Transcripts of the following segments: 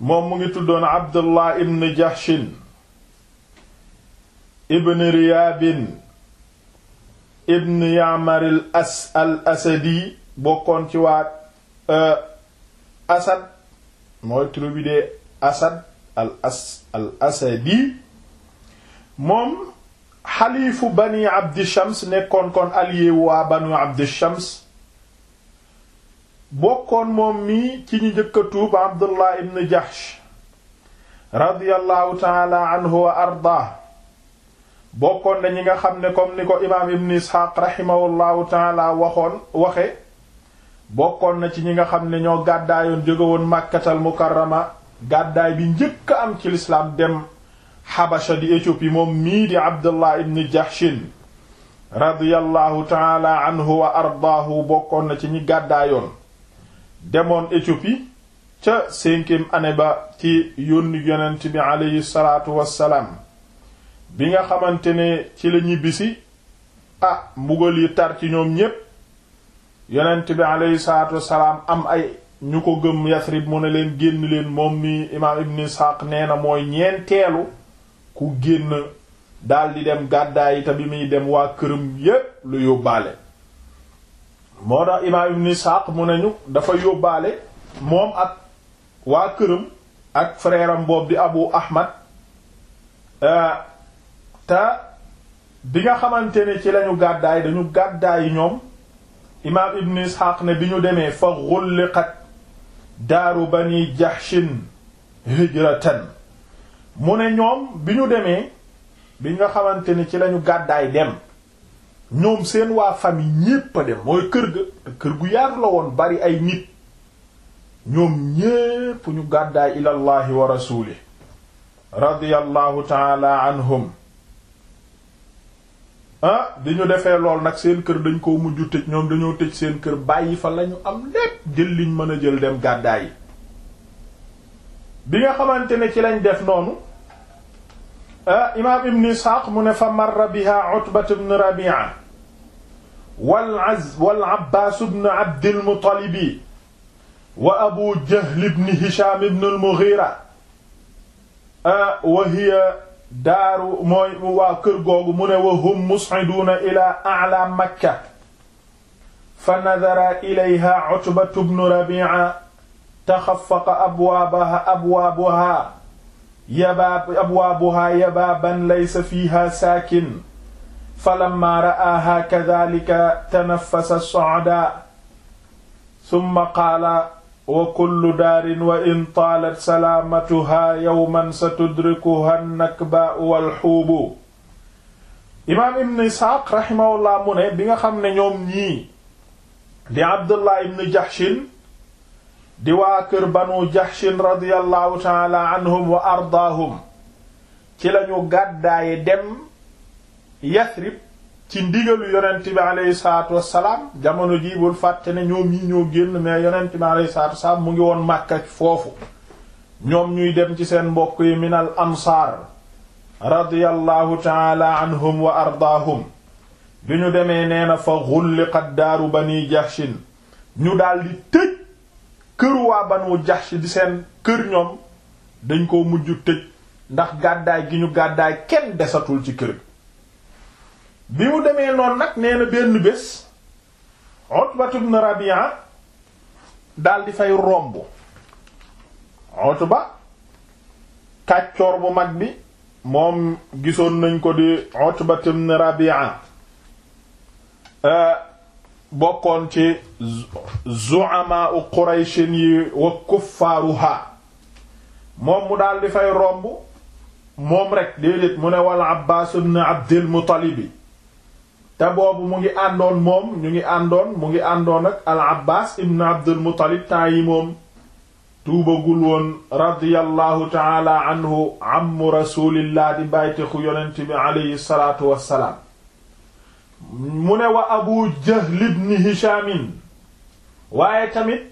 moom mu ngi tuddoon abdullah ibn jahshin ibn riyaabin ibn yamaril as al asadi bokkoon ci waa euh, asad mooy tribu de asad al as al asadi moom xaliifu bani abdi shams nekkoon kon allié waa banu abdi shams bokkoon moom mii ci ñu njëkk a tuub abdullah ibn jahsh radiyallahu taala anhu wa ardaa bokkoon na ñi nga xam ne comme ni ko imaam ibn isxaaq rahimahullahu taala waxoon waxe bokkoon na ci ñi nga xam ne ñoo gàddaayoon jógewoon màkkatal mukarrama gàddaay bi njëkk a am ci lislaam dem xabasha di éthiopie moom mii di abdullah ibn jahshin radiyallahu taala anhu wa ardaahu bokkoon na ci ñi gàddaayoon demoon Éthiopie ca cinquième année ba ci yónni yonent bi aleyhi salaatu wassalaam bi nga xamante ne ci la ñibbisi ah mbugal yi tar ci ñoom ñépp yonent bi aleyhi salaatu wassalaam am ay ñu ko gëm Yasrib mu ne leen génn leen moom mi imaam Ibn Ishaq nee na mooy ñeenteelu ku génn daldi dem gàddaay te bi muy dem waa këram yépp lu yóbbaale moo tax imaam ibn Isxaaq mu nañu dafa yóbbaale moom ak waa këram ak frère am boobu di Abu Ahmad euh, te bi nga xamante ne ci lañu gàddaay dañu gàddaay ñoom imaam ibn Isxaaq ne bi ñu demee fa xulliqat daaru bani Jahshin hijratan mu ne ñoom bi ñu demee bi nga xamante ni ci lañu gàddaay dem ñoom seen waa famille ñépp a dem mooy kër ga te kër gu yaatu la woon bari ay nit ñoom ñépp ñu gàddaay ilallahi wa rasuli radiyallahu taala anhum ah di ñu defee lool nag seen kër dañ ko mujj tëj ñoom dañoo tëj seen kër bàyyi fa lañu am lépp jël liñ mën a jël dem gàddaay yi bi nga xamante ne ci lañ def noonu ah, imaam ibn Isxaaq mu ne fa marra biha Utbat ibn Rabi'a wal az wal Abbaas ibn Abdil Muttalibi wa Abu Jahl ibn Hishaam ibn al-Mughiira wa hiya daaru mooy waa kër googu mu ne wa hum mus'iduuna ilaa a'laa Makka fa nadara ilayhaa Utbatu ibn Rabii'a taxaffaqa abwaabahaa abwaabuhaa yabaa abwaabuhaa yabaaban laysa fiihaa saakin falamma ra'aaha kadhalika tanaffasa as-su'ada thumma qaala wa kullu daarin wa in taalat salaamatuha yawman satudrikuha an-nakba'u wal-huubu imaam ibn isxaaq raximahullah mu ne bi nga xam ne ñoom ñii di abdullah ibn jahshin di waa kër banu jahshin radiyallahu taala anhum wa ardaahum ci lañu gàddaaye dem Yasrib ci ndigalu yonent bi aleyhi salaatu wassalaam jamono jii bul fàtte ne ñoom ñi ñoo génn mais yonent bi aleyhi salaatu wassalaam mu ngi woon Makka foofu ñoom ñuy dem ci seen mbokk yi minal ansaar radiyallahu taala anhum wa ardaahum bi ñu demee nee na fa xulliqat daaru bani jahshin ñu daldi tëj kër waa banu jahsh di seen kër ñoom dañ ko mujj tëj ndax gàddaay gi ñu gàddaay kenn desatul ci kër bi mu demee noon nag nee na benn bés Utba ibn Rabi'a di fay romb otba kàccoor bu mag bi moom gisoon nañ ko di Utba ibn Rabi'a euh, bokkoon ci zu'ama u Qurayshin yi wa kuffaaruha moom mu daal di fay romb moom rek déedéet mu ne wal Abbaas ibn Abdil Muttalibi te boobu mu ngi àndoon moom ñu ngi àndoon mu ngi àndoon ak al abbas ibn abdul muttalib temps yi moom tuubagul woon radiyallahu taala anhu ammu rasulillah di bàytexu yonent bi aleyhi salaatu wassalaam mu ne wa abu jahl ibn hishaamin waaye tamit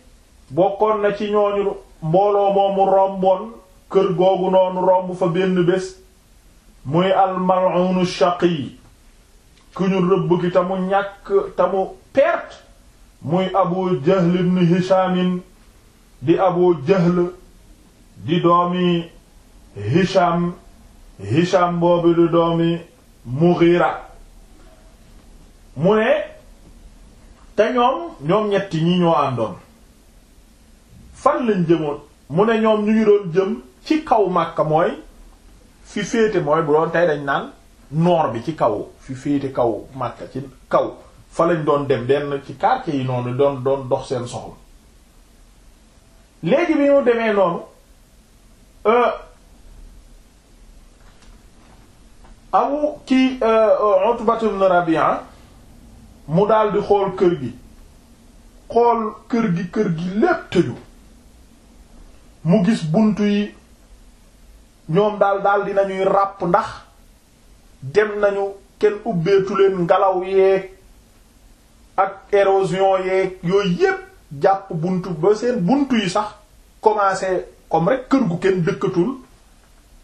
bokkoon na ci ñooñu mbooloo moomu romboon kër googu noonu romb fa benn bés muy al mal'un ku ñu rëbb ki tamu ñàkk tamu perte muy abu jahl ibn di abu jël di doomi hisham hisham boobu di doomi mughira mu ne te ñoom ñoom ñetti ñi ñoo àndoon fan lañ jëmoon mu ne ñoom ñu doon jëm ci kaw Makka mooy fi féete mooy bu doon tey dañ naan noor bi ci kaw fi féete kaw Makka ci kaw fa lañ doon dem denn ci quartier yi noonu doon doon dox seen soxla léegi bi ñu demee noonu euh, amu ki euh, Utbatu ibn Rabi'a mu daldi xool kër gi xool kër gi kër gi lépp tëju mu gis buntu yi ñoom dal daldi dinañuy ràpp ndax dem nañu kenn ubbeetu leen ngelaw yeeg ak érosion yeeg yooyu yépp jàpp buntu ba seen buntu yi sax commencé comme rek kër gu kenn dëkkatul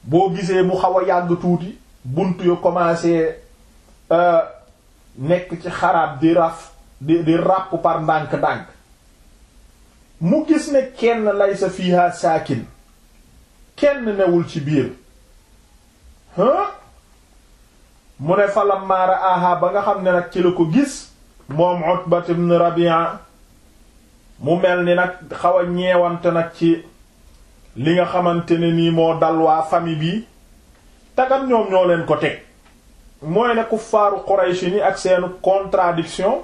boo gisee mu xaw a yàgg tuuti buntu yu commencé euh, nekk ci xaraab di raf di di ràpp par ndànk-ndànk mu gis ne kenn lay sa fiiha saakin kenn newul ci biir hein mu ne falam maara ba nga xam ne nag ci la ko gis moom Utba ibn mu mel ni nag xaw a nag ci li nga xamante ne nii moo dal waa famille bi tagam ñoom ñoo leen ko teg mooy ne kuffaaru Quraysh ni ak seenu contradiction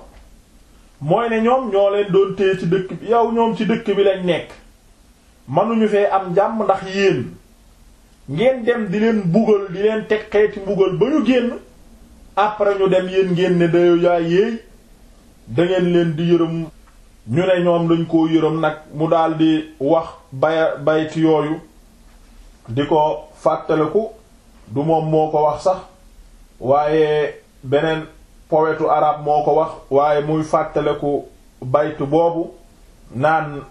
mooy ne ñoom ñoo leen doon téye ci dëkk bi yow ñoom ci dëkk bi lañ nekk mënuñu fee am jàmm ndax yéen ngeen dem di leen mbugal di leen teg xeeti mbugal ba ñu génn après ñu dem yéen ngeen ne dayo yaa yéey dangeen leen di yërëm ñu ne ñoom lañ koo yërëm nag mu daldi wax baya bayt yooyu di ko fàttaliku du moom moo ko wax sax waaye beneen powetu arab moo ko wax waaye muy fàttaliku baytu boobu naan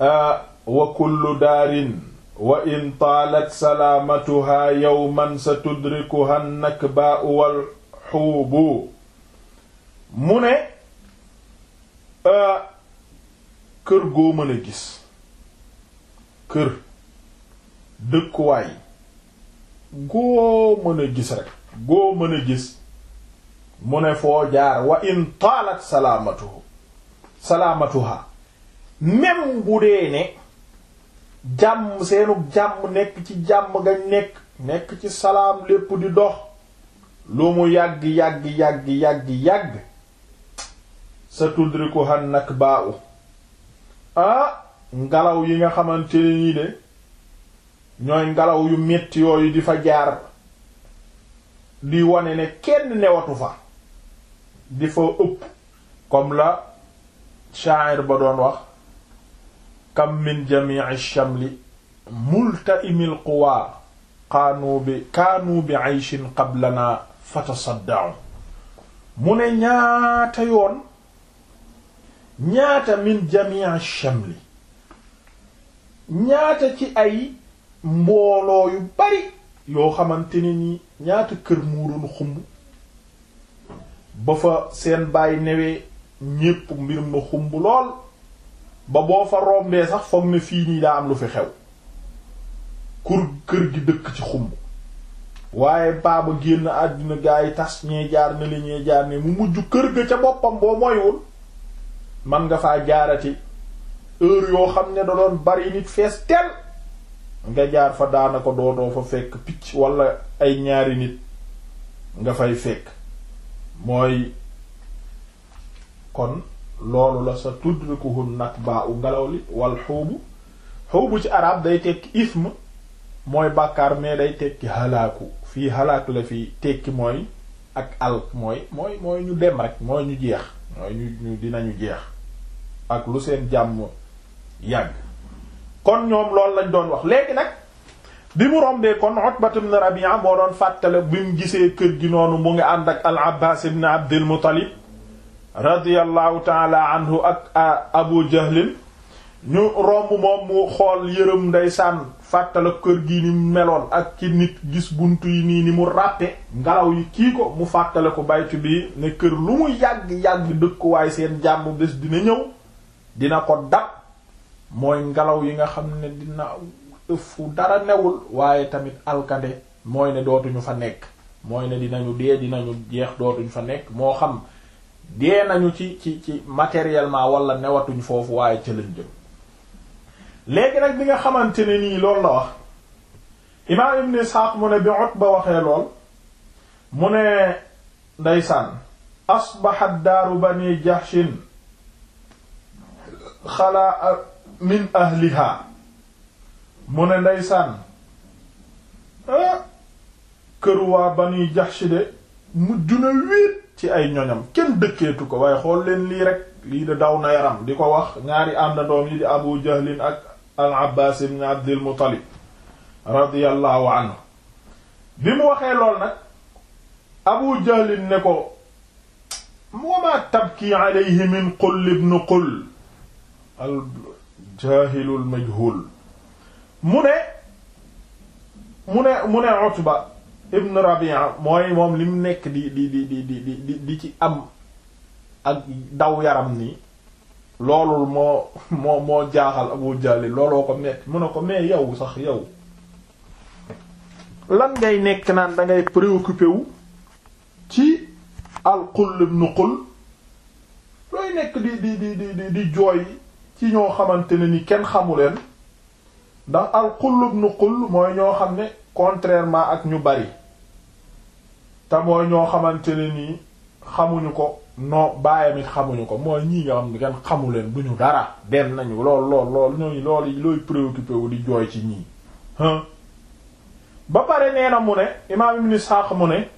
ah, wa kullu daarin wa in taalat salaamatuhaa yawman sa tudrikuha nakbaa'u wal xuubu mu ne kër goo mën a gis kër dëkkuwaay goo mën a gis rek goo mën a gis mu ne foo jaar wa in taalat salaamatuhu salaamatuhaa même bu dee ne jàmm seenu jàmm nekk ci jàmm gañ nekk nekk ci salaam lépp di dox lu mu yàgg yàgg yàgg yàgg yàgg sa tudrikuhan nag baa ah ngelaw yi nga xamante nii de ñooy ngelaw yu metti yooyu di fa jaar li wone ne kenn newatu fa di fa ëpp comme la sha'ir ba doon wax kam min jamii shamli multaimil quwa kaanu bi kaanu bi ayshin qablana fatasaddaau mu ne ñaata yoon ñaata min jamii shamli ñaata ci ay mbooloo yu bari yoo xamante ni ñaata kër muuroon xumb ba fa seen bàyyi newee ñépp mbir ma xumb lool ba boo fa rombee sax foog ne fii nii daa am lu fi xew kur kër gi dëkk ci xumb waaye baaba génn àdduna gaa yi tas ñee jaar ne li ñee jaar ne mu mujj kër ga ca boppam boo moywul man nga faa jaarati heure yoo xam ne da doon bari nit fees teel nga jaar fa daanaka doodoo fa fekk picc walla ay ñaari nit nga fay fekk mooy kon loolu la sa tudrikuhu nakba'u ngelaw li wal xuubu xuubu ci araab day tekki ism mooy bàkkaar mais day tekki halaaku fii halaak la fi tekki mooy ak alk mooy mooy ñu dem rek mooy ñu jeex mooy ñu dinañu jeex ak lu seen jàmm yàgg kon ñoom loolu lañ doon wax léegi nag bi mu rombee kon Utbat ibn Rabi'a moo doon fàttale bi mu gisee kër gi noonu mu ngi ànd ak al Abbaas ibn Abdul Muttalib radiyallahu taala anhu ak abu jahlin ñu romb moom mu xool yërëm ndeysaan fàttala kër gi ni meloon ak ci nit gis bunt yi nii ni mu ràppe ngelaw yi kii ko mu fàttale ko baytu bi ne kër lu mu yàgg-yàgg dëkkuwaay seen jàmm bés dina ñëw dina ko dab mooy ngelaw yi nga xam ne dina ëffu dara newul waaye tamit alkade mooy ne dootuñu fa nekk mooy ne dinañu dee dinañu jeex dootuñu fa nekk moo xam dee nañu ci ci ci matériellement wala newatuñ foofu waaye ca lañ léegi nag bi nga xamante ne nii loolu la wax imaam ibn Isxaaq mu ne bi Utba waxee lool mu ne ndeysaan asbaxat daaru bani Jahshin xalaa min ahliha mu ne ndeysaan ah, kër waa bani Jahsh de mujj na wéet ci ay ñoñam kenn dëkkeetu ko waaye xool leen lii rek lii da daw na yaram di ko wax ñaari àndandoom yi di abu jahlin ak al abbas ibn abdil radiyallahu anhu bi mu waxee lool nag abu jahlin ne ko wama tabki alayhi min qull ibn qull al jahilul majhul mu ne mu ne mu ne utba ibn Rabi'a mooy moom li nekk di di di di di di di ci am ak daw yaram nii loolul moo moo moo jaaxal wu Jahl looloo ko metti mun a ko mais yow sax yow lan ngay nekk naan dangay ngay préoccupé wu ci al-Qull ibn looy nekk di di di di di jooy ci ñoo xamante ne ni kenn xamuleen ndax al-Qull ibn mooy ñoo xam ne contrairement ak ñu bari te mooy ñoo xamante ne nii xamuñu ko non bàyyam it xamuñu ko mooy ñii nga xam ne kenn xamu leen ñu dara dem nañu lool lool lool ñooy loolu looy préoccupé wu di jooy ci ñii ba pare nee na mu ne imaam ibn Isxaaq mu ne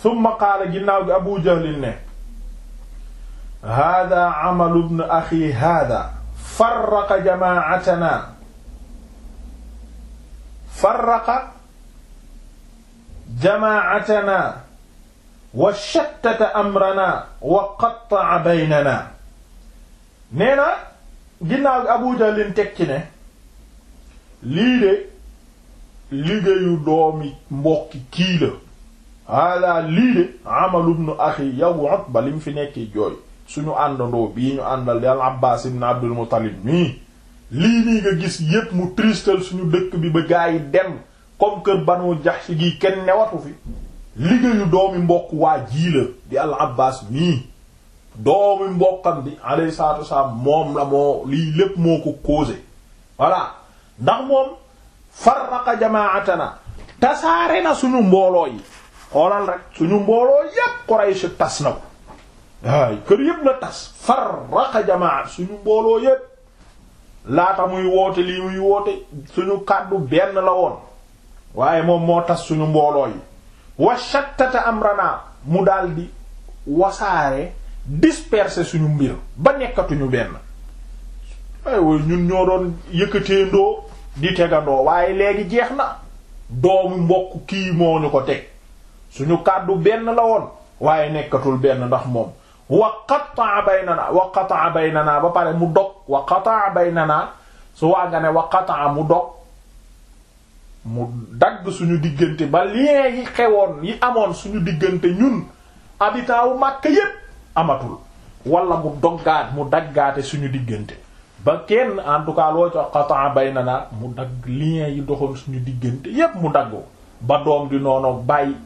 summa qaala ginnaaw gi Abu Jahl ne hada amalu ibn axi hada farraqa jamaatana farraqa jamaatana wa shattata amrana wa qatta'a baynana nee na ginnaaw Abu Jahlin teg ci ne lii de liggéeyu doomi mbokki kii la haala lii de amalu ibn axi yow Utba li mu fi nekki jooy suñu àndandoo bii ñu àndal yàlla Abbaas ibn Abdul Muttalib nii lii nii nga gis yépp mu tristal suñu dëkk bi ba gaa yi dem comme kër Banu Jahsh gi kenn newatu fi liggéeyu doomi mbokk waa jii la di al Abbaas mii doomi mbokkam bi alayhi salaatu wasalaam moom la moo lii lépp moo ko causé voilà ndax moom farraqa jamaatana tasaare na suñu mbooloo yi xoolal rek suñu mbooloo yépp Quraysh tas na ko waay kër yépp la tas farraqa jamaa suñu mbooloo yépp laata muy woote lii muy woote suñu kàddu benn la woon waaye moom moo tas suñu mbooloo yi wa shattata amrana mu daldi wasaare disperser suñu mbir ba nekkatuñu benn ay way ñun ñoo doon yëkkateendoo di tegandoo waaye léegi jeex na doomu mbokk kii moo ñu ko teg suñu kàddu benn la woon waaye nekkatul benn ndax moom wa qataa baynana wa qataa baynana ba pare mu dog wa qataa baynana su waa nga ne wa qataa mu dog mu dagg suñu diggante ba lien yi xewoon yi amoon suñu diggante ñun habitat wu yépp amatul wala mu doggaat mu daggaate suñu diggante ba kenn en tout cas loo ci qata baynana mu dagg lien yi doxoon suñu diggante yépp mu daggoo ba doom di noonu bàyyi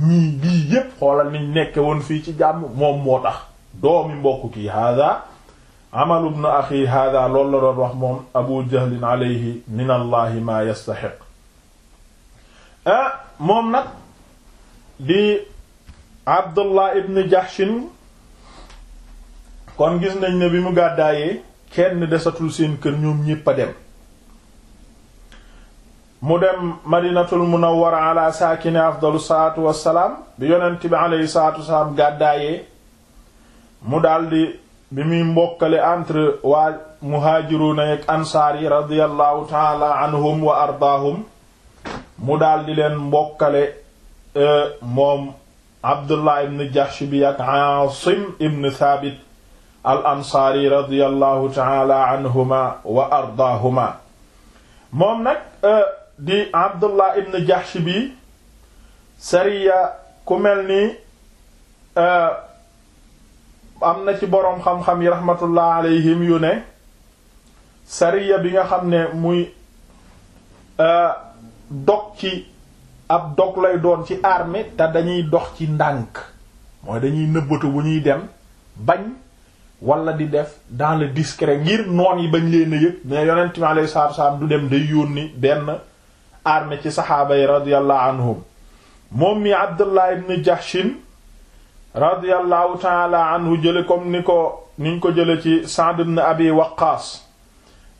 ñii lii yépp xoolal niñ nekke woon fii ci jàmm moom moo tax doomi mbokk kii hada amalu ibn axi hada loolu la doon wax moom abu jahlin alayhi min ma yastaxiq Ah, moom nag bi Abdullah ibn Jahshin kon gis nañ ne bi mu gàddaayee kenn desatul seen kër ñoom ñépp a dem mu dem madinatul munawwara ala saakini afdalu salaatu wassalaam bi yonent bi alayhi salaatu wassalaam gàddaayee mu daldi bi muy mbokkale entre waa muhaajiruuna ak ansaar radiyallahu taala anhum wa ardaahum mu daldi leen mbokkale e, moom abdullah ibn jahsh bi ak aasim ibn thabit al ansaari radiyallahu taala anhuma wa ardaahuma moom nag e, di abdullah ibn jahsh bi sariya ku mel ni e, am na ci boroom xam yi rahmatullah alayhim yu ne sariya bi nga xam ne muy dog ci ab dog lay doon ci armée te dañuy dox ci ndànk mooy dañuy nëbbatu bu ñuy dem bañ wala di def dans le discret ngir noon yi bañ leen a yëg mais yonent mi alayhi salaatu salaam du dem day yónni benn armée ci saxaaba yi radiyallahu anhum moom mi Abdullah ibn Jahshin radiyallahu ta'ala anhu jële comme ni ko niñ ko jële ci sand ibn Abi Waqqas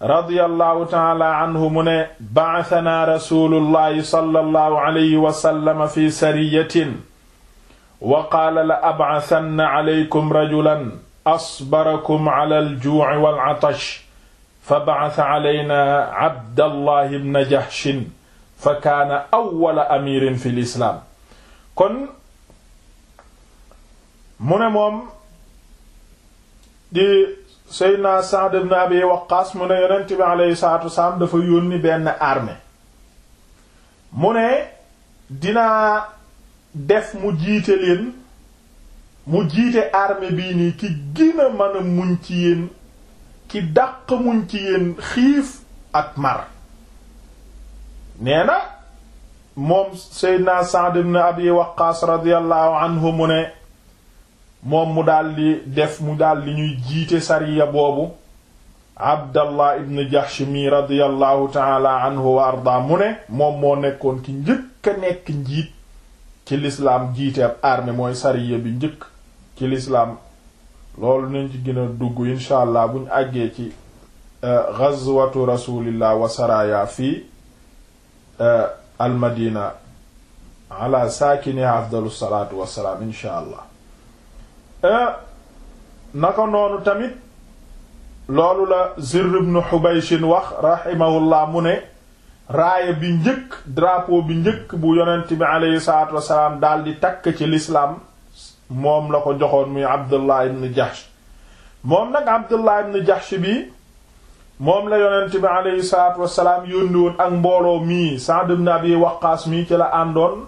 radiyallahu taala anhu mu ne ba'athanaa rasulullahi sallallahu alayhi wa sallam fi sariyatin wa qaala la ab'athanna alaykum rajulan asbarakum ala al-juu'i wal-'atash fa ba'atha alaynaa Abdallahi ibn Jahshin fa kaana awwala amiirin fil islaam kon mu ne moom di Seydina Sa'd ibn Abi Waqqas mu ne yonent bi alayhi salaatu wasalaam dafa yónni benn armée mu ne dinaa def mu jiite leen mu jiite armée bii nii ki gën a muñ ci yéen ki dàq muñ ci yéen xiif ak mar nee na moom Seydina Sa'd ibn Abi Waqqas radiyallahu anhu mu ne moom mu daldi def mu di ñuy jiite sariya boobu abdallah ibn jahshimi radiallahu taala anhu wa arda mu ne moom moo nekkoon ki njëkk a nekk njiit ci lislaam jiite ab armée mooy sariya bi njëkk ci lislaam loolu nañ ci gën dugg incha allah buñ àggee ci euh, ghazwatu rasulillah wa saraya fii euh, almadina ala saakini afdalu salatu wassalaam incha allah Euh, naka noonu tamit loolu la Zirr ibn Hubaysh wax rahimahullah mu ne raaya bi njëkk drapeau bi njëkk bu yonent bi aleyhi salaatu wasalaam daal di takk ci lislaam moom la ko joxoon muy Abdullah ibn Jahsh moom nag Abdullah ibn Jahsh bi moom la yonent bi aleyhi salaatu wasalaam yónni ak mbooloo mii Sa'd ibn Abi Waqqaas mii ci la àndoon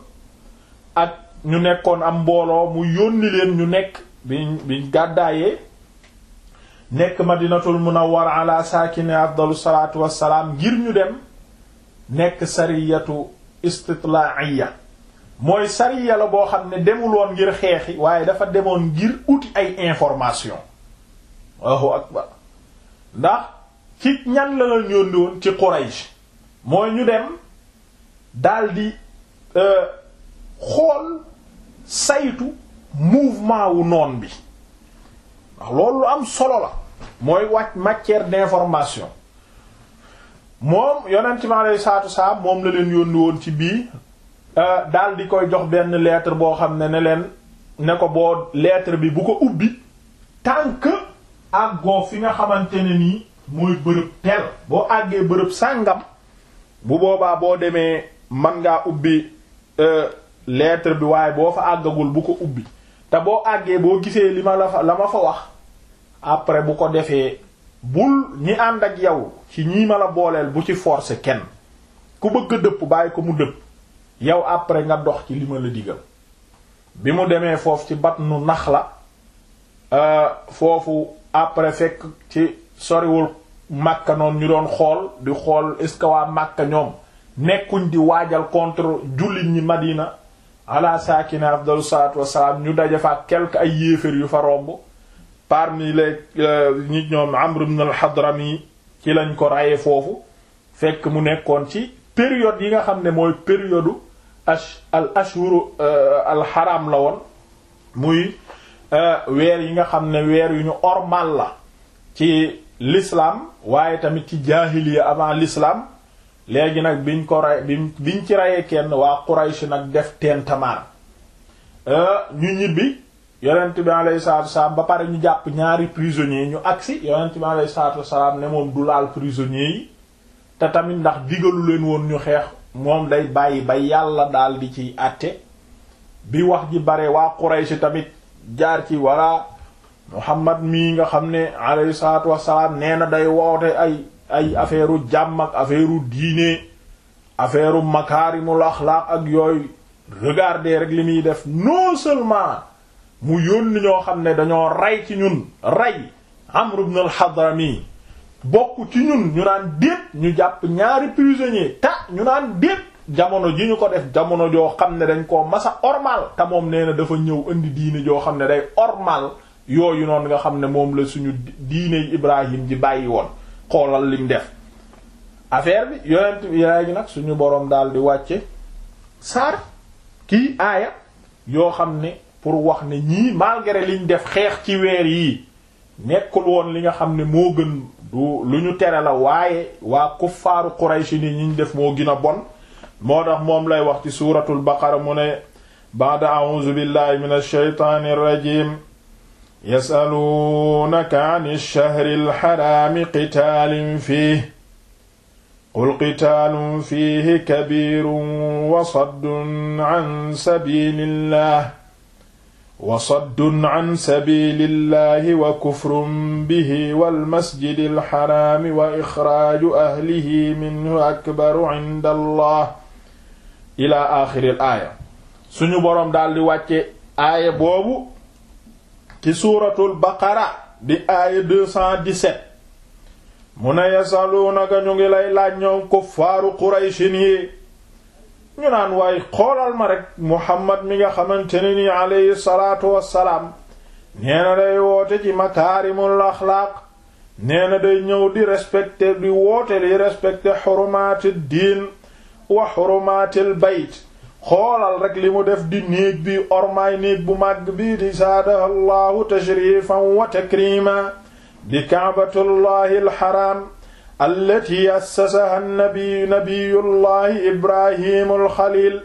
ak ñu nekkoon am mbooloo mu yónni leen ñu nekk biñ biñ gàddaayee nekk madinatul munawwar ala saakini afdalu salaatu wassalaam ngir ñu dem nekk sariyatu istitlaaiya mooy sariya la boo xam ne demuloon ngir xeexi waaye dafa demoon ngir uti ay information waaw akbar ndax ci ñan la la yónni woon ci Quraysh mooy ñu dem daldi euh, xool saytu mouvement wu noon bi ndax loolu lu am solo la mooy wàcc matière d'information moom yonent mi alayhi salaatu salaam moom la leen yónni woon ci bii euh, daal di koy jox benn lettre boo xam ne ne leen ne ko boo lettre bi bu ko ubbi tant que àggoo fi nga xamante ne nii mooy bërëb teel boo àggee bërëb sàngam bu boobaa boo demee man ngaa ubbi euh, lettre bi waaye boo fa àggagul bu ko ubbi te boo àggee boo gisee li ma la fa la ma fa wax après bu ko defee bul ñi ànd ak yow ci ñii ma la booleel bu ci forcer kenn ku bëgg dëpp bàyyi ko mu dëpp yow après nga dox ci li ma la digal bi mu demee foofu ci Batnu Naxla euh, foofu après fekk ci soriwul Makka noonu ñu doon xool di xool est-ce que waa Makka ñoom nekkuñ di waajal contre jullit ñi Madina ala saakina afdalu salaatu wassalaam ñu daje fa ak quelque ay yéefér yu fa romb parmi les nit euh, ñoom Amr ibn al-Hadrami ci lañ ko raye foofu fekk mu nekkoon ci période yi nga xam ne mooy période ash al ashhur euh, al haram la woon muy euh, weer yi nga xam ne weer yu ñu ormal la ci lislaam waaye tamit ci jaahiliya avant lislaam léegi nag biñ ko rey biñ ci reyee kenn waa Quraysh nag def teen tamaar euh, ñu ñibbi yonent bi alayhi salaatu wasalaam ba pare ñu jàpp ñaari prisonniers ñu agsi yonent bi alayhi salaatu wasalaam ne moom du laal prisonniers yi te tamit ndax digalu leen woon ñu xeex moom day bàyyi ba yàlla daal di ci àtte bi wax ji bare waa Quraysh tamit jaar ci walla Muhammad mii nga xam ne alayhi salaatu wasalaam nee na day woote ay ay affaire u jàmm ak affaire u diine affaire u makaarimul axlaaq ak yooyu regarder rek li muy def non seulement mu yónni ñoo xam ne dañoo rey ci ñun rey Amr ibn al-Hadrami bokk ci ñun ñu naan déet ñu jàpp ñaari prisonnier ta ñu naan déet jamono ji ñu ko def jamono joo xam ne dañ koo masa ormal te moom nee dafa ñëw indi diine joo xam ne day ormal yooyu noonu nga xam ne moom la suñu diine diiney Ibrahim ji bàyyi woon xoolal lim def affaire bi yonent yaay gi nag suñu boroom daal di wàcce saar kii aaya yoo xam ne pour wax ne ñii malgré liñ def xeex ci weer yi nekkul woon li nga xam ne moo gën lu ñu tere la waaye waa kuffaaru Quraysh ni ñu def moo gën a bon moo tax moom lay wax ci suuratul baqara mu ne ba'da a'uuzu billahi minash shaytaanir rajiim yasaluunaka an alchahri alxaraami qitaalin fiih qul qitaalun fiihi kabiirun wa saddun an sabiilillah wa saddun an sabiilillahi wa kufrun bihi walmasjidi alxaraami wa ixraaju ahlihi minhu akbaru inda allah ila axiri al aaya suñu boroom daldi wàcce aaya boobu ci suuratul baqara di aaya 217 mu ne yasaluunaka ñu ngi lay laaj ñoom kuffaaru quraychin yi ñu naan waay xoolal ma rek muhammad mi nga xamante ne ni aleyhi salaatu wassalaam nee na day woote ci makaarimul axlaaq nee na day ñëw di respecté di woote li respecté xurumaati diin wa xurumaatil bayt xoolal rek li mu def di néeg bi ormaay néeg bu màgg bi di zaadaha llahu tashrifan wa takrima di kaabatullahi alxaram allati assasaha nabi nabiyullahi ibrahim alxalil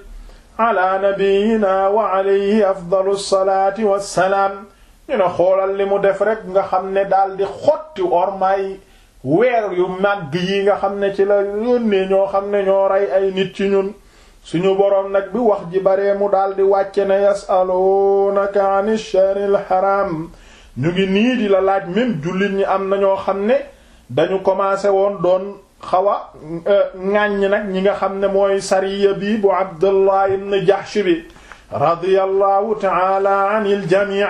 ala nabiyina wa alayhi afdalu salaati wassalaam ñu ne xoolal li mu def rek nga xam ne daal di xotti ormaay weer yu màgg yi nga xam ne ci la yónnee ñoo xam ne ñoo rey ay nit ci ñun suñu boroom nag bi wax ji baree mu daldi wàcce ne yasaluunaka an isharil haram ñu ngi nii di la laaj même jullit ñi am na ñoo xam ne dañu commencé woon doon xawa a euh, ŋàññ nag ñi nga xam ne mooy sariya bi bu Abdullah ibn Jahsh bi radiyallahu taala anil jamii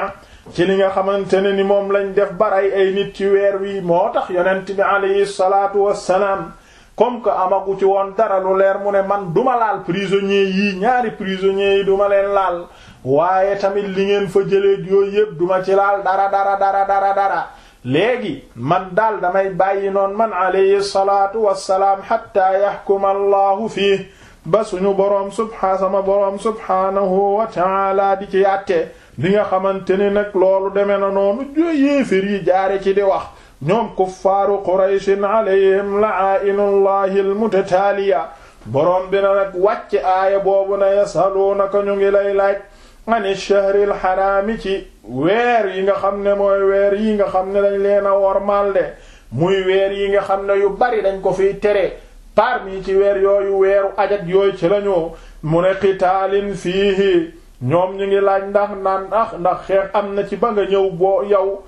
ci li nga xamante ne ni moom lañ def baray ay nit ci weer wi moo tax yonent bi alayhi salaatu wassalaam comme que amagu ci woon dara lu leer mu ne man duma laal prisonnier yi ñaari prisonnier yi duma leen laal waaye tamit li ngeen fa jëlee yooyu yépp duma ci laal dara dara dara dara dara léegi man daal damay bàyyi noon man alayhi salaatu wassalaam hatta yahkuma allahu fii ba suñu boroom subha sama boroom subhaanahu wa taala di ci yàtte li nga xamante ni nag loolu deme na noonu yéefér yi jaare ci di wax ñoom kuffaaru qurayshin aa la'aa'inullahi almutataaliya boroom bi na nag wàcc aaya boobu na yasaluunaka ñu ngi lay laaj ani shahril xaraami ci weer yi nga xam ne mooy weer yi nga xam ne dañ leen a wormaal de muy weer yi nga xam ne yu bari dañ ko fiy tere parmi ci weer yooyu weeru ajat yooyu ci lañu mu ne qitaalin fiihi ñoom ñu ngi laaj ndax naan ah ndax xeex am na ci ba nga ñëw boo yow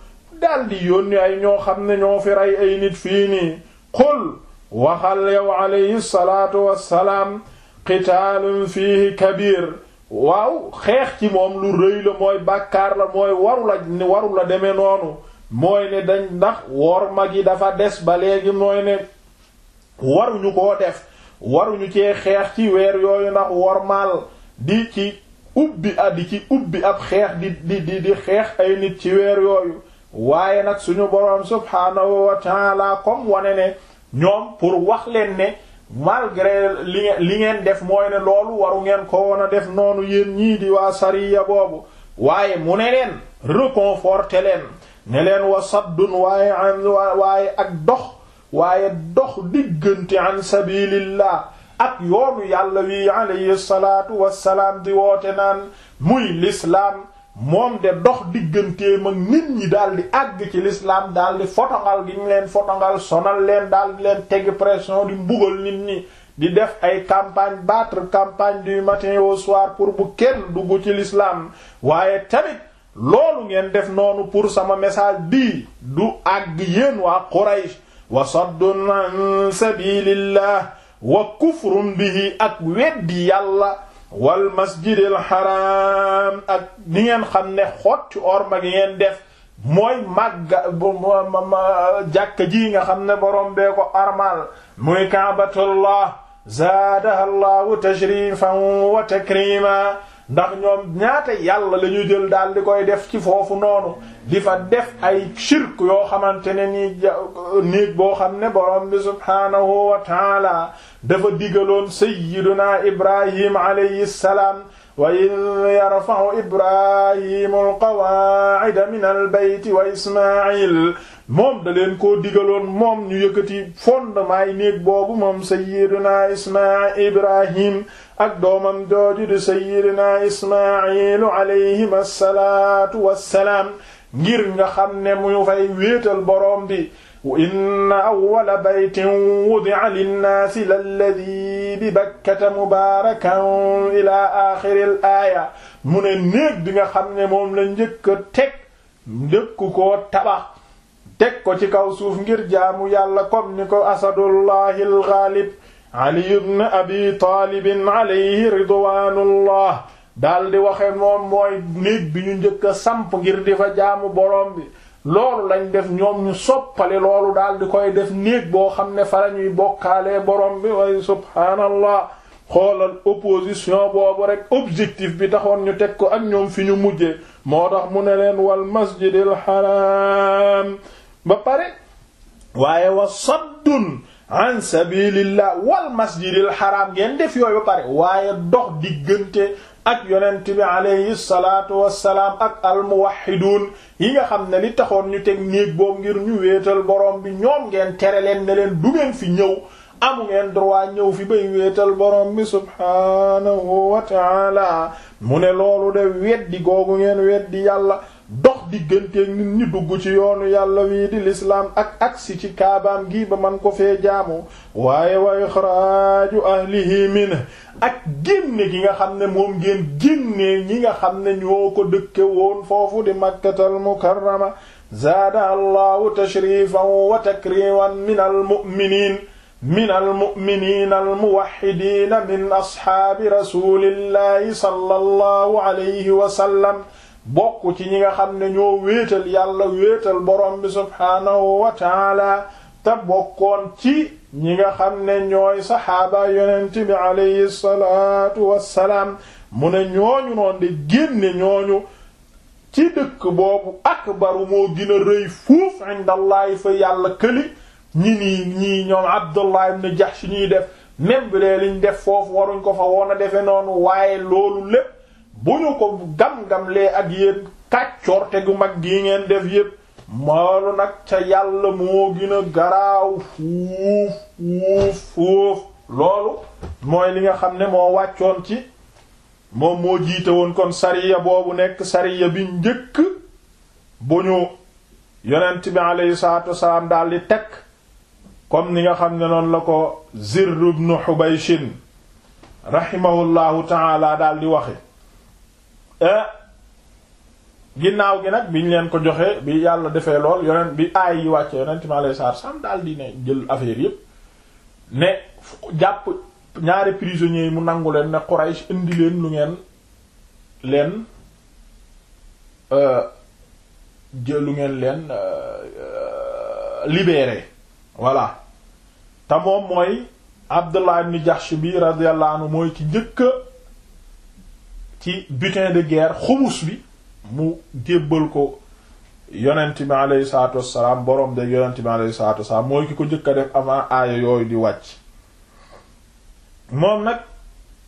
daal di yónni ay ñoo xam ne ñoo fi rey ay nit fii nii qul waxal yow alayhi salaatu wassalaam qitaalun fiihi kabir waaw xeex ci moom lu rëy mooy bàkkaar la mooy waru la waru la demee noonu mooy ne dañ ndax wor mag yi dafa des ba léegi mooy ne waruñu koo def waruñu cee xeex ci weer yooyu ndax wormaal di ci ubbi di ci ubbi ab xeex di di di xeex ay nit ci weer yooyu waaye nag suñu boroom subhaanahu wa taala comme wane ne ñoom pour wax leen ne malgré li ngeen def mooy ne loolu waru ngeen ko woon a def noonu yéen ñii di waa sariya boobu waaye mu ne leen réconforter leen ne wa saddun waaye an ak dox waaye dox diggante an sabilillah ak yoonu yàlla wi alayhi salaatu wassalaam di woote naan muy lislaam moom de dox digganteem ak nit ñi daal di àgg ci lislaam daal di fotongal gi ñu leen fotongal sonal leen daal di leen teg pression di mbugal nit ñi di def ay campagne battre campagne du matin au soir pour bu kenn dugg ci lislaam waaye tamit loolu ngeen def noonu pour sama message bii du àgg yéen waa Quraysh wa saddun an sabilillah wa kufrun bihi ak weddi yàlla wal masjidil haram ak ni ngeen xam ne xott orma gi ngeen def mooy màgga jàkka ji nga xam ne borom bee ko armal muy kaabatullah zaadaha llahu tashrifan wa takrima ndax ñoom ñaata yàlla la ñu jël daal di koy def ci foofu noonu di fa def ay shirk yoo xamante ne nii néeg boo xam ne borom bi subhaanahu wa taala dafa digaloon sayyiduna ibrahim alayhi wa in yarfa'u ibrahimu alqawaacida min albeyti wa ismail moom da leen digaloon moom ñu yëkkati fondement yi néeg boobu moom sayyiduna ismail ibrahim ak doomam jooju di sayyiduna ismailu alayhim assalaatu wassalaam ngir nga xam ne mu fay wéetal boroom bi inna awwala baytin wudi'a la lalladhi bi bakkata mubaarakan ila axiril aaya mu ne néeg bi nga xam ne moom la njëkk a teg ko koo tabax teg ko ci kaw suuf ngir jaamu yàlla comme ni ko asadullahi al-ghaalib ali ibn abi taalib alayhi ridwaanullah daal di waxe moom mooy néeg bi ñu njëkk a samp ngir di fa jaamu boroom bi loolu lañ def ñoom ñu soppali loolu daal di koy def néeg boo xam ne fa la ñuy bokkaalee borom bi waaye subhaanallah xoolal opposition boobu rek objectif bi taxoon ñu teg ko ak ñoom fi ñu mujje moo tax mu ne leen wal masjidil haram ba pare waaye wa an sabilillah wal masjidil haram ngeen def yooyu ba pare waaye dox diggante ak yonent bi alayhi salaatu wassalaam ak almuwahidun yi nga xam ne li taxoon ñu teg néeg boobu ngir ñu wéetal borom bi ñoom ngeen tere leen ne leen du ngeen fi ñëw amu ngeen droit ñëw fi bay wéetal borom bi subhaanahu wa taala mu ne loolu de weddi googu ngeen weddi yàlla digganteeg nit ñi dugg ci yoonu yàlla wii di lislaam ak agsi ci kaabaam gi ba man ko fee jaamu waaye wa ixraaju ahlihi min ak génne gi nga xam ne moom ngeen génnee ñi nga xam ne ñoo ko dëkke woon foofu di makkatal mukarrama zaada allahu tashrifan wa takriman min al muminin min almuminina almuwaxidina min asxaabi rasulillahi sallallahu alayhi wa sallam bokk ci ñi nga xam ne ñoo wéetal yàlla wéetal borom bi subhaanahu wa taala bokkoon ci ñi nga xam ne ñooy saxaaba yonent bi alayhi salaatu wassalaam mu ne ñooñu noon di génne ñooñu ci dëkk boobu akbaru moo gën a rëy fuuf indallaahi fa yàlla këli ñi nii ñii ñoom Abdullah ibn Jahsh ñuy def même bi liñ def foofu waruñ ko fa woon defe noonu waaye loolu lépp bu ñu ko gam-gam ak yéen kàccoor te gu mag gi ngeen def yépp moolu nag ca yàlla moo gën garaaw fuuf fuuf fuuf loolu mooy li nga xam ne moo wàccoon ci moom moo jiite woon kon sariya boobu nekk sariya bi njëkk bu ñu yonent bi aleyhi salaatu wasalaam daal di teg comme ni nga xam ne noonu la ko Zirr ibn Hubayshin rahimahullahu taala daal di waxe Eh, ginnaaw gi nag biñ leen ko joxe bi yàlla defee lool yonent bi aay yi wàcce yonent mi alayhi salaatu salaam daal di ne jël affaire yépp ne jàpp ñaari prisonniers yi mu nangu leen ne Quraysh indi leen lu ngeen leen eh, jël lu ngeen leen eh, libéré voilà te moom mooy Abdullah ibn Jahsh bi radiyallahu anhu mooy ci jëkk ci butin de guerre xumus bi mu jébbal ko yonent bi aleyhi salatu wassalaam borom de yonent bi aleyhi salatu wassalaam mooy ki ko njëkk def avant aaya yooyu di wàcc moom nag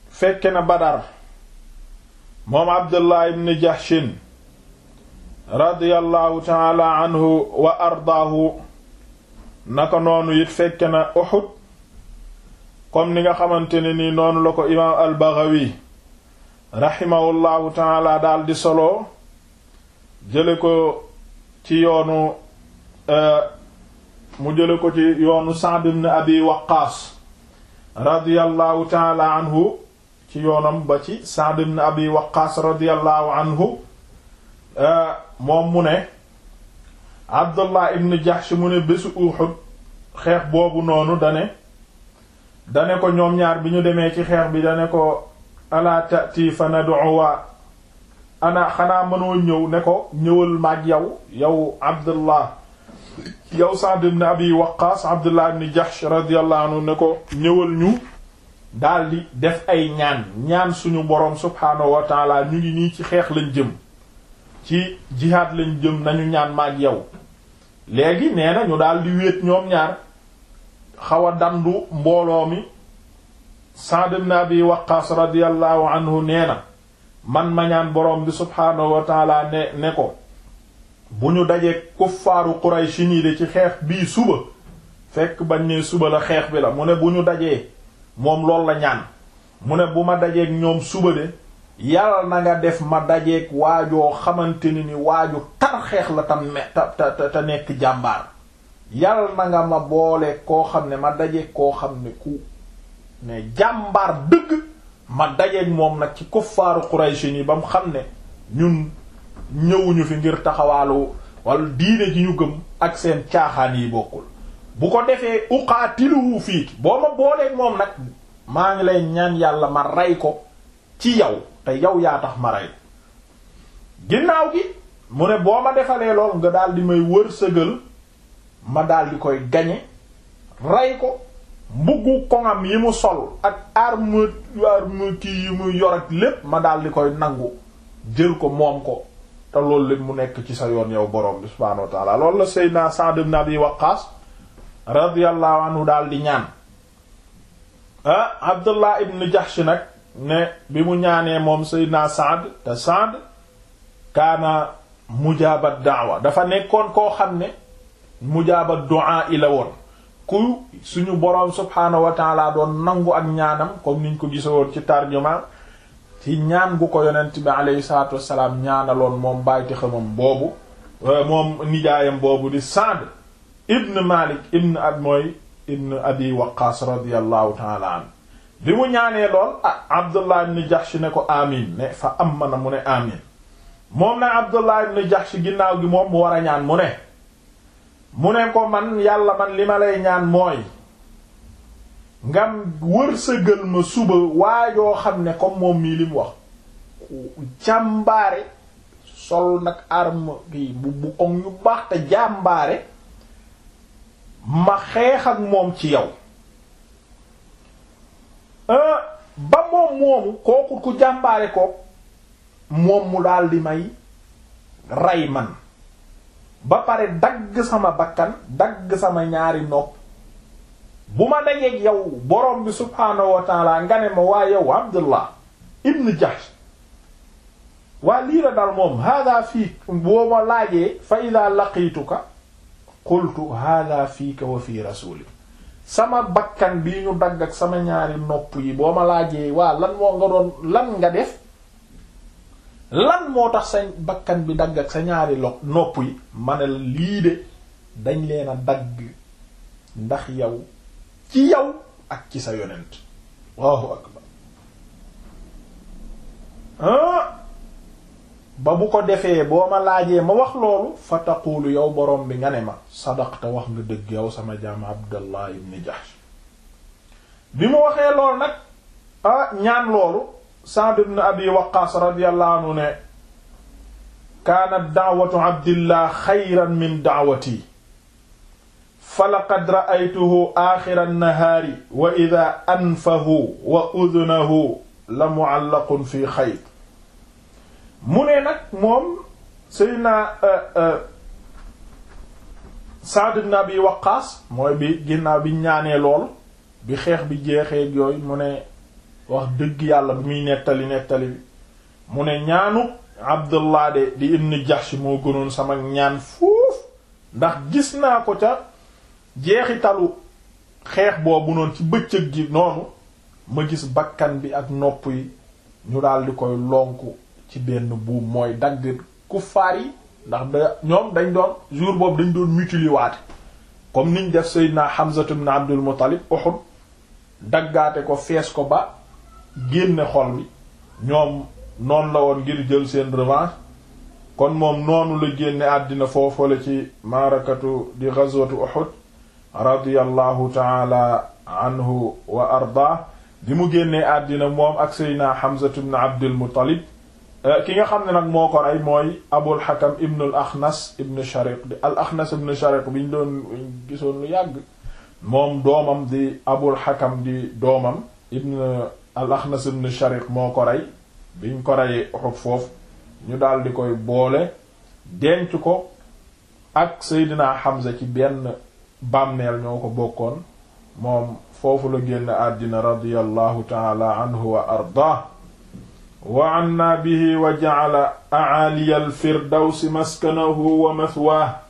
fekke na Badar moom Abdullah ibn Jahshin radiyallahu taala anhu wa ardaahu naka noonu it fekke na Uhud comme ni nga xamante ne nii noonu la ko imaam al-Baghawi raximahullahu taala daal di solo jële ko ci yoonu euh, mu jële ko ci yoonu Sa'd ibn Abi Waqqaas radiyallahu taala anhu ci yoonam ba ci Sa'd ibn Abi Waqqaas radiyallahu anhu euh, moom mu ne Abdullah ibn Jahsh mu ne bésu Uhud xeex boobu noonu dane dane ko ñoom ñaar bi ñu demee ci xeex bi dane ko alaa tati fa xanaa mënoo ñëw ne ko ñëwal maag yow yow abdullah yow Sa'd ibn Abi Waqqas Abdullah ibn Jahsh ne ko ñëwal ñu daldi def ay ñaan ñaan suñu boroom subhaanahu wa ñu ngi nii ci xeex lañ jëm ci jihaad lañ jëm nañu ñaan maag yow léegi nee na ñu daldi wéet ñoom ñaar xaw a dandu mbooloo mi Sa'd ibn Abi Waqqas radiyallahu anhu nee na man ma ñaan borom bi subhaanahu wa taala ne ne ko bu ñu dajee kuffaaru Qurayshi nii de ci xeex bii suba fekk bañ ne suba la xeex bi la mu ne bu ñu dajee moom loolu la ñaan mu ne bu ma dajeeg ñoom suba de yàlla na nga def ma dajeeg waajoo xamante ni ni waaju tar xeex la tam ta te nekk jàmbaar yàlla na nga ma boole koo xam ne ma dajeeg koo xam ne ku ne jàmbaar dëgg ma dajeeg moom nag ci kuffaaru Quraysh ni ba mu xam ne ñun ñëwuñu fi ngir taxawaalu wala diine ji ñu gëm ak seen caaxaan yi bokkul bu ko defee uqaatiluhu fiiki boo ma booleeg moom nag maa ngi lay ñaan yàlla ma rey ko ci yow te yow yaa tax ma rey ginnaaw gi mu ne boo ma defalee lool nga daal di may wërsëgal ma daal di koy gañe rey ko mbuggu koŋam yi mu sol ak arme arme kii yi mu yor lépp ma daal di koy nangu jël ko moom ko te loolu lépp mu nekk ci sa yoon yow borom bi subhaanahu wa taala loolu la Seydina Sa'd ibn Abi Waqqaas radiyallahu anhu ñaan ah Abdullah ibn Jahsh nag ne bi mu ñaanee moom Seydina Sa'd te Sa'd kaana mujaabat da'wa dafa nekkoon koo xam ne mujaabat du'a ila woon ku suñu boroom subhaanahu wa taala doon nangu ak ñaanam comme niñ ko gisoon ci tarjuma ci ñaan gu ko yonent bi alayhi salaatu wassalaam ñaanaloon moom bàyti xamam boobu euh, moom nijaayam boobu di Saad ibn Malik ibn ab mooy ibn Abi Waqqas radiyallahu taala bi mu ñaanee lool ah Abdullah ibn Jahsh ne ko amin ne fa am na mu ne amin moom nag Abdullah ibn Jahsh ginnaaw gi moom mu war ñaan mu ne mu ne ko man yàlla man li ma lay ñaan mooy ngam wërsëgal ma suba yoo xam ne ko moom mii li mu wax jàmbaare sol nag arme bi bu bu om baax te jàmbaare ma xeex ak moom ci yow euh, ba moom moomu kooku ku jàmbaare ko moom mu daal di may rey man ba pare dagg sama bakkan dagg sama ñaari nopp bu ma dajeeg yow borom bi subhaanahu wa nga ne ma waa yow Abdullah ibn Jahsh waa lii la dal moom hada fiik boo ma laajee fa ida laqituka qultu hada fiika wa fii rasuli sama bakkan bii ñu dagg ak sama ñaari nopp yi boo ma laajee waa lan moo nga doon lan nga def lan moo tax sa bakkan bi dagg ak sa ñaari lo nopp yi ma ne lii de dañ leen a dagg ndax yow ci yaw ak ci sa yonent Allahu akbar ah! ba bu ko defee boo ma laajee ma wax loolu fa taqulu yow borom bi nga ne ma sadaqta wax nga dëgg yow sama jaam Abdallah ibn Jahsh bi mu waxee loolu nag ah ñaan loolu Sa'd ibn Abi Waqqas radiyallahu anhu ne kaanat da'watu Abdillah xayran min da'wati falaqad ra'aytuhu aaxira nahaari wa idaa anfahu wa udunahu la mu'allaqun fi xayt mu ne nag moom Seydina eh, eh, Sa'd ibn Abi Waqqas mooy bi ginnaaw bi ñaanee lool bi xeex bi jeexee yooyu mu ne wax dëgg yàlla bi muy nettali nettali bi mu ne ñaanu Abdullah de di ibn Jahsh moo gënoon sama ñaan foofu ndax gis naa ko ca jeexi talu xeex boobu noonu ci bëccëg gi noonu ma gis bakkan bi ak nopp yi ñu daldi koy lonku ci benn buum mooy dagg kuffaar yi ndax da ñoom dañ doon jour boobu dañ doon mutiler waate comme niñ def Seydina Hamza ibn Abdul Muttalib Uhud daggaate ko fees ko ba génne xol bi ñoom noonu la woon ngir jël seen revanche kon moom noonu la génne àddina foofale ci maarakatu di ghazwatu Uhud radiyallahu taala anhu wa arda bi mu génnee àddina moom ak seydna Hamza ibn Abdul Muttalib eh, ki nga xam ne nag moo ko rey mooy Abul Hakam al Akhnas ibn al Akhnas ibn Shariq bi ñu doon gisoon lu yàgg moom doomam di Abul xakam di doomam ibn al-Axnas ibn Shariq moo ko rey biñ ko reyee Uhud foofu ñu daal di koy boole denc ko ak Seydina Hamza ci benn bàmmeel ñoo ko bokkoon moom foofu la génn àddina radiyallahu taala anhu wa ardaa wa anna bihi wa ja'ala a'ali al-firdawsi maskanahu wa mathwaahu